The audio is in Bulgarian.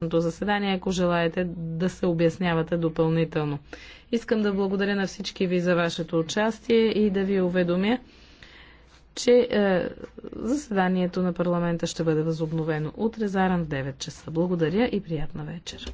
днешното заседание, ако желаете да се обяснявате допълнително. Искам да благодаря на всички ви за вашето участие и да ви уведомя, че е, заседанието на парламента ще бъде възобновено утре заран в 9 часа. Благодаря и приятна вечер.